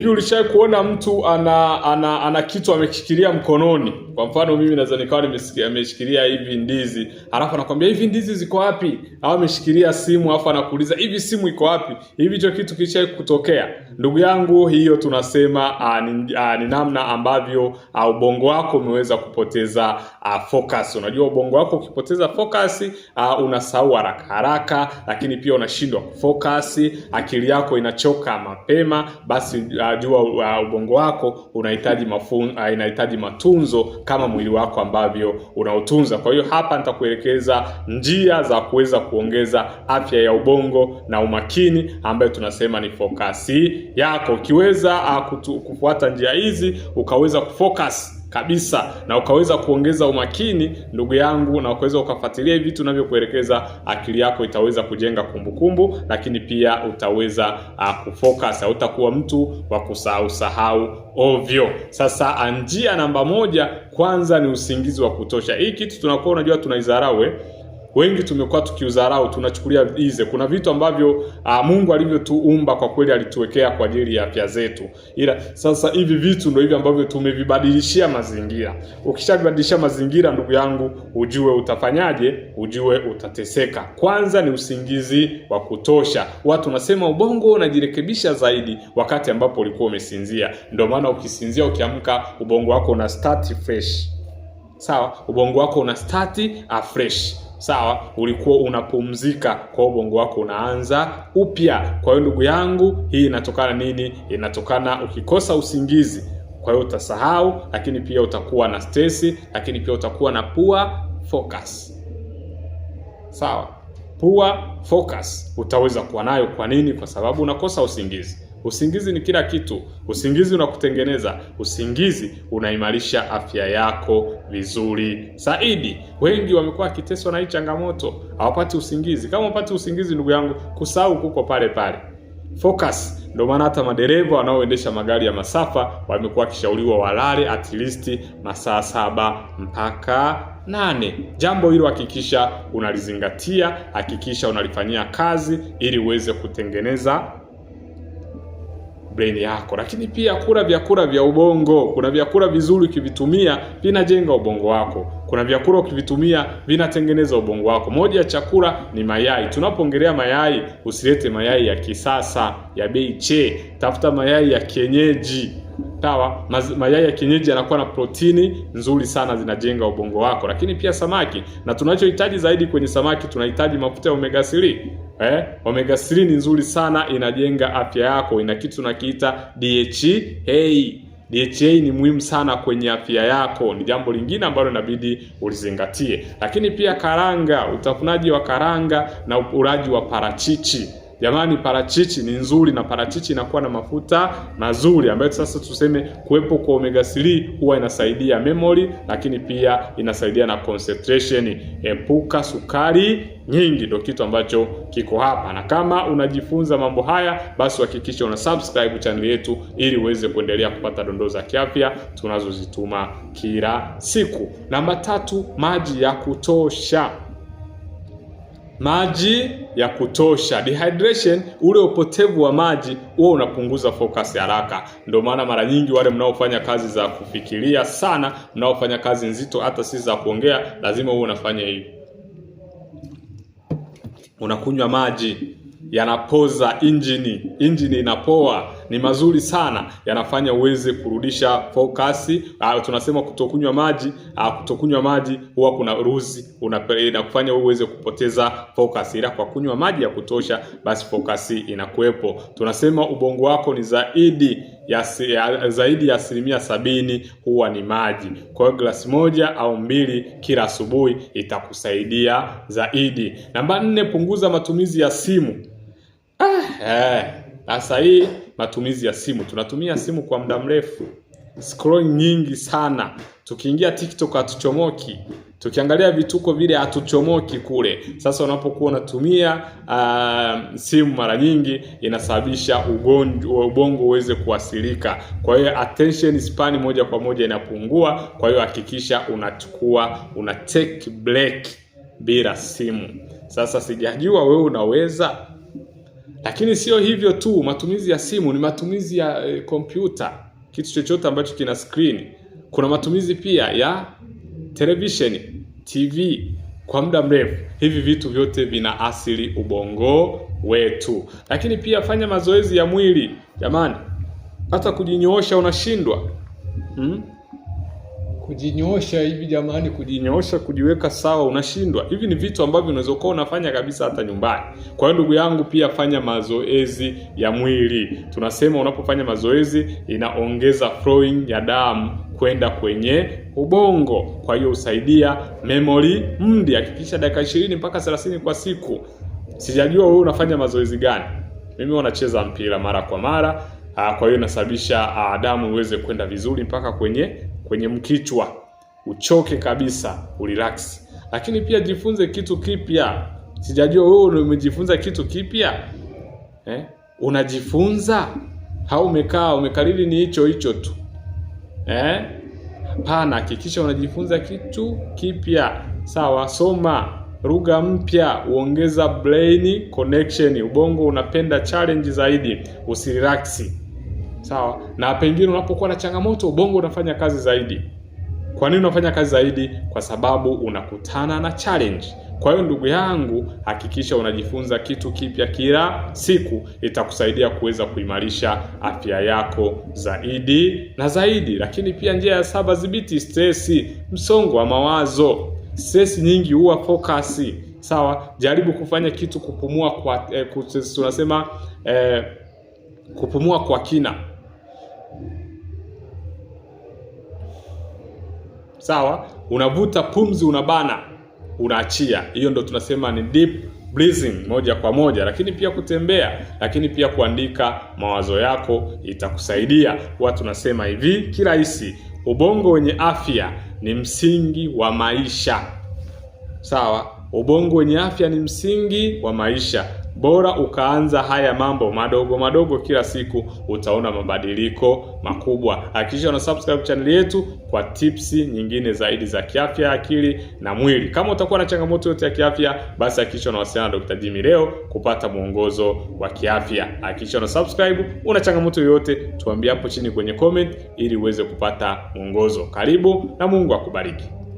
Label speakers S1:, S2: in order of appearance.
S1: Hivi ulishawahi kuona mtu ana ana, ana kitu amekishikilia mkononi? Kwa mfano mimi naweza nikawa ameshikilia hivi ndizi, alafu anakwambia hivi ndizi ziko wapi? Au ameshikilia simu, alafu anakuuliza hivi simu iko wapi? Hivi hicho kitu kilishawahi kutokea? Ndugu yangu, hiyo tunasema ah, ah, ni, namna ambavyo a, ah, ubongo wako umeweza kupoteza a, focus. Unajua ubongo wako ukipoteza focus unasahau haraka haraka, lakini pia unashindwa kufocus, akili yako inachoka mapema, basi a, jua uh, ubongo wako unahitaji mafun, uh, inahitaji matunzo kama mwili wako ambavyo unaotunza. Kwa hiyo hapa nitakuelekeza njia za kuweza kuongeza afya ya ubongo na umakini ambayo tunasema ni fokasi yako. Ukiweza uh, kufuata njia hizi ukaweza kufocus kabisa na ukaweza kuongeza umakini ndugu yangu, na ukaweza ukafuatilia hivi vitu akili yako itaweza kujenga kumbukumbu kumbu, lakini pia utaweza uh, kufocus. Hautakuwa mtu wa kusahau sahau ovyo. Sasa ah, njia namba moja kwanza ni usingizi wa kutosha. Hii kitu tunakuwa unajua tunaidharau eh wengi tumekuwa tukiudharau, tunachukulia ize. Kuna vitu ambavyo a, ah, Mungu alivyotuumba kwa kweli alituwekea kwa ajili ya afya zetu, ila sasa hivi vitu ndio hivi ambavyo tumevibadilishia mazingira. Ukishabadilishia mazingira, ndugu yangu, ujue utafanyaje, ujue utateseka. Kwanza ni usingizi wa kutosha. Watu nasema ubongo unajirekebisha zaidi wakati ambapo ulikuwa umesinzia. Ndio maana ukisinzia, ukiamka, ubongo wako una start fresh. Sawa, ubongo wako una start afresh. Ah, sawa, ulikuwa unapumzika, kwa ubongo wako unaanza upya. Kwa hiyo ndugu yangu, hii inatokana nini? Inatokana ukikosa usingizi, kwa hiyo utasahau, lakini pia utakuwa na stresi, lakini pia utakuwa na poor focus, sawa. Poor focus utaweza kuwa nayo. Kwa nini? Kwa sababu unakosa usingizi. Usingizi ni kila kitu. Usingizi unakutengeneza, usingizi unaimarisha afya yako vizuri zaidi. Wengi wamekuwa wakiteswa na hii changamoto, hawapati usingizi. Kama hupati usingizi, ndugu yangu, kusahau kuko pale pale focus. Ndio maana hata madereva wanaoendesha magari ya masafa wamekuwa wakishauriwa walale at least masaa saba mpaka nane. Jambo hilo hakikisha unalizingatia, hakikisha unalifanyia kazi ili uweze kutengeneza brain yako, lakini pia kula vyakula vya ubongo. Kuna vyakula vizuri ukivitumia vinajenga ubongo wako, kuna vyakula ukivitumia vinatengeneza ubongo wako. Moja ya chakula ni mayai. Tunapoongelea mayai, usilete mayai ya kisasa ya bei che, tafuta mayai ya kienyeji. Sawa, mayai ya kienyeji yanakuwa na protini nzuri sana zinajenga ubongo wako, lakini pia samaki. Na tunachohitaji zaidi kwenye samaki tunahitaji mafuta ya omega 3. Eh, omega 3 ni nzuri sana, inajenga afya yako, ina kitu tunakiita DHA. E DHA e ni muhimu sana kwenye afya yako, ni jambo lingine ambalo inabidi ulizingatie. Lakini pia karanga, utafunaji wa karanga na ulaji wa parachichi Jamani, parachichi ni nzuri na parachichi inakuwa na mafuta mazuri ambayo sasa tuseme kuwepo kwa omega 3 huwa inasaidia memory, lakini pia inasaidia na concentration. Epuka sukari nyingi, ndio kitu ambacho kiko hapa, na kama unajifunza mambo haya, basi hakikisha una subscribe channel yetu ili uweze kuendelea kupata dondoo za kiafya tunazozituma kila siku. Namba tatu, maji ya kutosha maji ya kutosha. Dehydration, ule upotevu wa maji huwa unapunguza focus haraka. Ndio maana mara nyingi wale mnaofanya kazi za kufikiria sana, mnaofanya kazi nzito, hata si za kuongea, lazima huo unafanya hivi, unakunywa maji, yanapoza injini, injini inapoa ni mazuri sana, yanafanya uweze kurudisha focus. Uh, tunasema kutokunywa maji ah, kutokunywa maji huwa kuna ruzi inakufanya uweze kupoteza focus, ila kwa kunywa maji ya kutosha, basi focus inakuwepo. Tunasema ubongo wako ni zaidi ya, ya zaidi ya asilimia sabini huwa ni maji. Kwa hiyo glasi moja au mbili kila asubuhi itakusaidia zaidi. Namba nne, punguza matumizi ya simu. Ah, eh sasa hii matumizi ya simu, tunatumia simu kwa muda mrefu, scrolling nyingi sana. Tukiingia TikTok hatuchomoki, tukiangalia vituko vile hatuchomoki kule. Sasa unapokuwa unatumia uh, simu mara nyingi inasababisha ugonjwa ubongo uweze kuathirika. Kwa hiyo attention span moja kwa moja inapungua. Kwa hiyo hakikisha unachukua una take break bila simu. Sasa sijajua wewe unaweza lakini sio hivyo tu, matumizi ya simu ni matumizi ya e, kompyuta, kitu chochote ambacho kina screen. Kuna matumizi pia ya television, TV kwa muda mrefu. Hivi vitu vyote vina asili ubongo wetu. Lakini pia fanya mazoezi ya mwili jamani, hata kujinyoosha unashindwa hmm? kujinyosha hivi jamani, kujinyosha, kujiweka sawa, unashindwa. Hivi ni vitu ambavyo unaweza kuwa unafanya kabisa hata nyumbani. Kwa hiyo ndugu yangu, pia fanya mazoezi ya mwili. Tunasema unapofanya mazoezi inaongeza flowing ya damu kwenda kwenye ubongo, kwa hiyo usaidia memory mdi. Hakikisha dakika ishirini mpaka 30 kwa siku. Sijajua wewe unafanya mazoezi gani? Mimi wanacheza mpira mara kwa mara, ah, kwa hiyo inasababisha ah, damu iweze kwenda vizuri mpaka kwenye kwenye mkichwa, uchoke kabisa, urelax. Lakini pia jifunze kitu kipya. Sijajua wewe umejifunza kitu kipya eh? Unajifunza au umekaa umekariri ni hicho hicho tu eh? Hapana, hakikisha unajifunza kitu kipya. Sawa, soma lugha mpya, uongeza brain connection. Ubongo unapenda challenge zaidi, usirelaksi sawa. Na pengine unapokuwa na changamoto, ubongo unafanya kazi zaidi. Kwa nini unafanya kazi zaidi? Kwa sababu unakutana na challenge. Kwa hiyo ndugu yangu, hakikisha unajifunza kitu kipya kila siku, itakusaidia kuweza kuimarisha afya yako zaidi na zaidi. Lakini pia njia ya saba, dhibiti stress, msongo wa mawazo. Stress nyingi huwa focus, sawa. Jaribu kufanya kitu kupumua kwa eh, tunasema eh, kupumua kwa kina sawa. Unavuta pumzi, unabana, unaachia. Hiyo ndo tunasema ni deep breathing, moja kwa moja. Lakini pia kutembea, lakini pia kuandika mawazo yako itakusaidia. Huwa tunasema hivi kirahisi, ubongo wenye afya ni msingi wa maisha, sawa. Ubongo wenye afya ni msingi wa maisha. Bora ukaanza haya mambo madogo madogo kila siku, utaona mabadiliko makubwa. Hakikisha una subscribe channel yetu kwa tipsi nyingine zaidi za kiafya, akili na mwili. Kama utakuwa na changamoto yote ya kiafya, basi hakikisha unawasiliana na Dr. Jimmy leo kupata mwongozo wa kiafya. Hakikisha una subscribe. Una changamoto yoyote, tuambie hapo chini kwenye comment ili uweze kupata mwongozo. Karibu na Mungu akubariki.